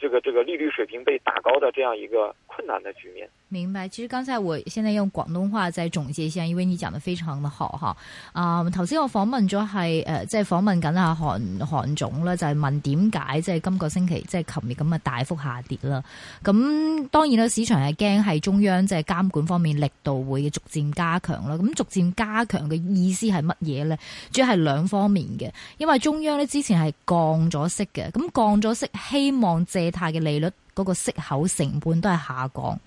這個這個利率水平被打高的這樣一個困難的局面，明白。其實剛才我現在用廣東話再、就是、總結一下，因為你講得非常的好哈。啊、嗯，頭先我訪問咗係誒，即、呃、係、就是、訪問緊阿韓韓總啦，就係、是、問點解即係今個星期即係琴日咁啊大幅下跌啦。咁當然啦，市場係驚係中央即係、就是、監管方面力度會逐漸加強啦。咁逐漸加強嘅意思係乜嘢呢？主要係兩方面嘅，因為中央呢之前係降咗息嘅，咁降咗息希望借貸嘅利率嗰個息口成本都係下降，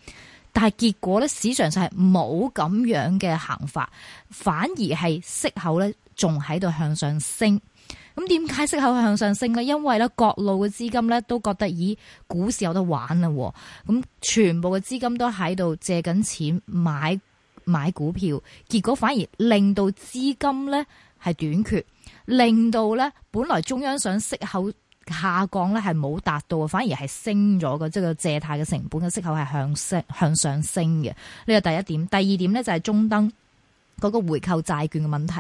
但係結果咧市場上係冇咁樣嘅行法，反而係息口咧仲喺度向上升。咁點解息口向上升咧？因為咧各路嘅資金咧都覺得咦，股市有得玩啦，咁全部嘅資金都喺度借緊錢買買股票，結果反而令到資金咧係短缺，令到咧本來中央想息口。下降咧係冇達到，反而係升咗嘅，即係個借貸嘅成本嘅息口係上升，向上升嘅。呢個第一點，第二點呢就係中登嗰個回購債券嘅問題。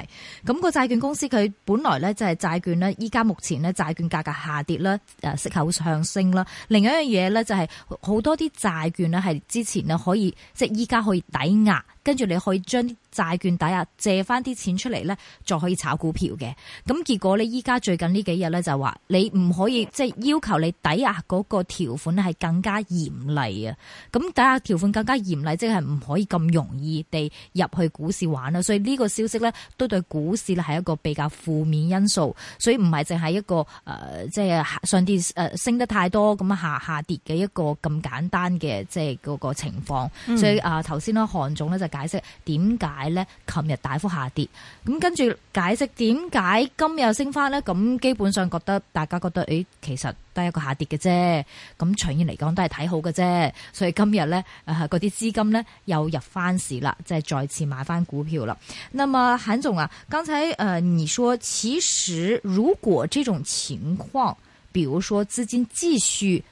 咁個債券公司佢本來呢就係債券呢依家目前呢債券價格下跌啦，誒息口向上升啦。另一樣嘢呢就係好多啲債券呢係之前呢可以即係依家可以抵押，跟住你可以將。債券抵押借翻啲錢出嚟咧，就可以炒股票嘅。咁結果你依家最近呢幾日咧就話你唔可以，即係要求你抵押嗰個條款係更加嚴厲啊！咁抵押條款更加嚴厲，即係唔可以咁容易地入去股市玩啦。所以呢個消息咧，都對股市咧係一個比較負面因素。所以唔係淨係一個即係、呃、上跌、呃、上升得太多咁啊，下下跌嘅一個咁簡單嘅即係嗰個情況。嗯、所以啊，頭先咧，韓總咧就解釋點解。咧，琴日大幅下跌，咁跟住解釋點解今日升翻咧？咁基本上覺得大家覺得誒，其實都係一個下跌嘅啫，咁長遠嚟講都係睇好嘅啫。所以今日咧，誒，嗰啲資金咧又入翻市啦，即係再次買翻股票啦。那麼韓總啊，剛才誒，你說其實如果這種情況，比如說資金繼續。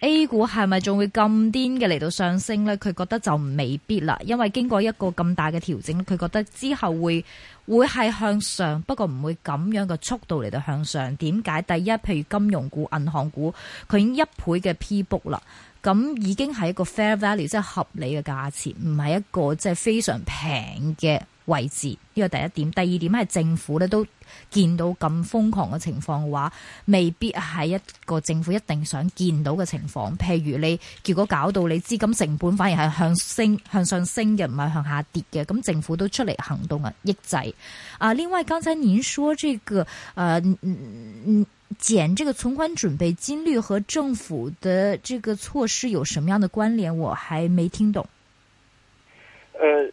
A 股係咪仲會咁癲嘅嚟，到上升呢？佢覺得就未必啦，因為經過一個咁大嘅調整，佢覺得之後會會係向上，不過唔會咁樣嘅速度嚟到向上。點解？第一，譬如金融股、銀行股，佢已經一倍嘅 P book 啦，咁已經係一個 fair value，即係合理嘅價錢，唔係一個即係非常平嘅。位置。呢個第一點，第二點係政府咧都見到咁瘋狂嘅情況嘅話，未必係一個政府一定想見到嘅情況。譬如你結果搞到你資金成本反而係向升向上升嘅，唔係向下跌嘅，咁政府都出嚟行動啊，抑制。啊，另外剛才您說這個，呃，減這個存款準備金率和政府的這個措施有什麼樣的關聯？我還沒聽懂。呃。Uh,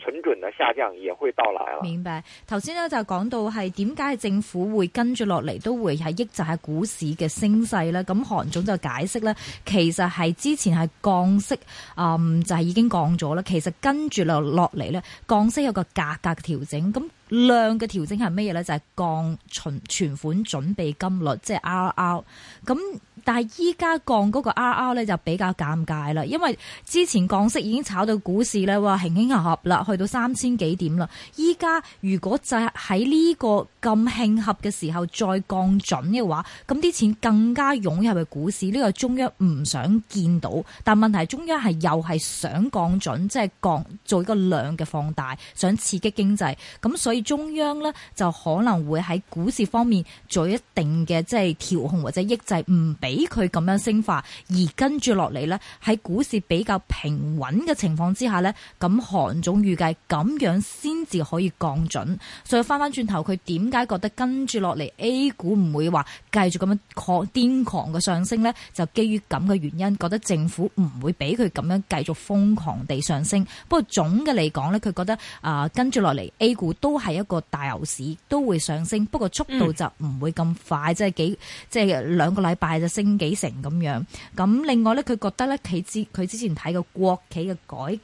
存準嘅下降也會到來了。明白，頭先呢就講到係點解政府會跟住落嚟都會係抑制下股市嘅升勢咧。咁韓總就解釋咧，其實係之前係降息，嗯就係、是、已經降咗啦。其實跟住落落嚟咧，降息有個價格嘅調整，咁量嘅調整係乜嘢咧？就係、是、降存存款準備金率，即、就、係、是、R R 咁。但係依家降嗰個 RR 咧就比較尷尬啦，因為之前降息已經炒到股市咧，哇輕輕合合啦，去到三千幾點啦。依家如果就喺呢個咁慶合嘅時候再降準嘅話，咁啲錢更加湧入嘅股市，呢、這個中央唔想見到。但問題中央係又係想降準即係、就是、降做一個量嘅放大，想刺激經濟，咁所以中央咧就可能會喺股市方面做一定嘅即係調控或者抑制，唔俾。俾佢咁樣升化，而跟住落嚟呢，喺股市比較平穩嘅情況之下呢，咁韓總預計咁樣先至可以降準。所以翻翻轉頭，佢點解覺得跟住落嚟 A 股唔會話繼續咁樣狂癲狂嘅上升呢？就基於咁嘅原因，覺得政府唔會俾佢咁樣繼續瘋狂地上升。不過總嘅嚟講呢，佢覺得啊，跟住落嚟 A 股都係一個大牛市，都會上升，不過速度就唔會咁快，嗯、即係幾即係兩個禮拜就升。升幾成咁樣，咁另外呢，佢覺得呢，佢之佢之前睇過國企嘅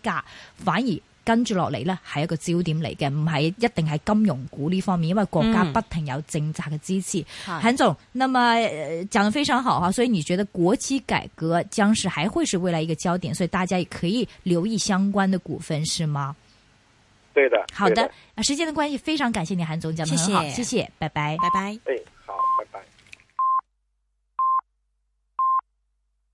改革，反而跟住落嚟呢，係一個焦點嚟嘅，唔係一定係金融股呢方面，因為國家不停有政策嘅支持。嗯、韓總，是那麼講得非常好啊，所以你覺得國企改革將是還會是未來一個焦點，所以大家也可以留意相關嘅股份，是嗎？對的，對的，好的。時間的關係，非常感謝你，韓總講得很好，謝謝，謝謝，拜拜，拜拜，哎。好，拜拜。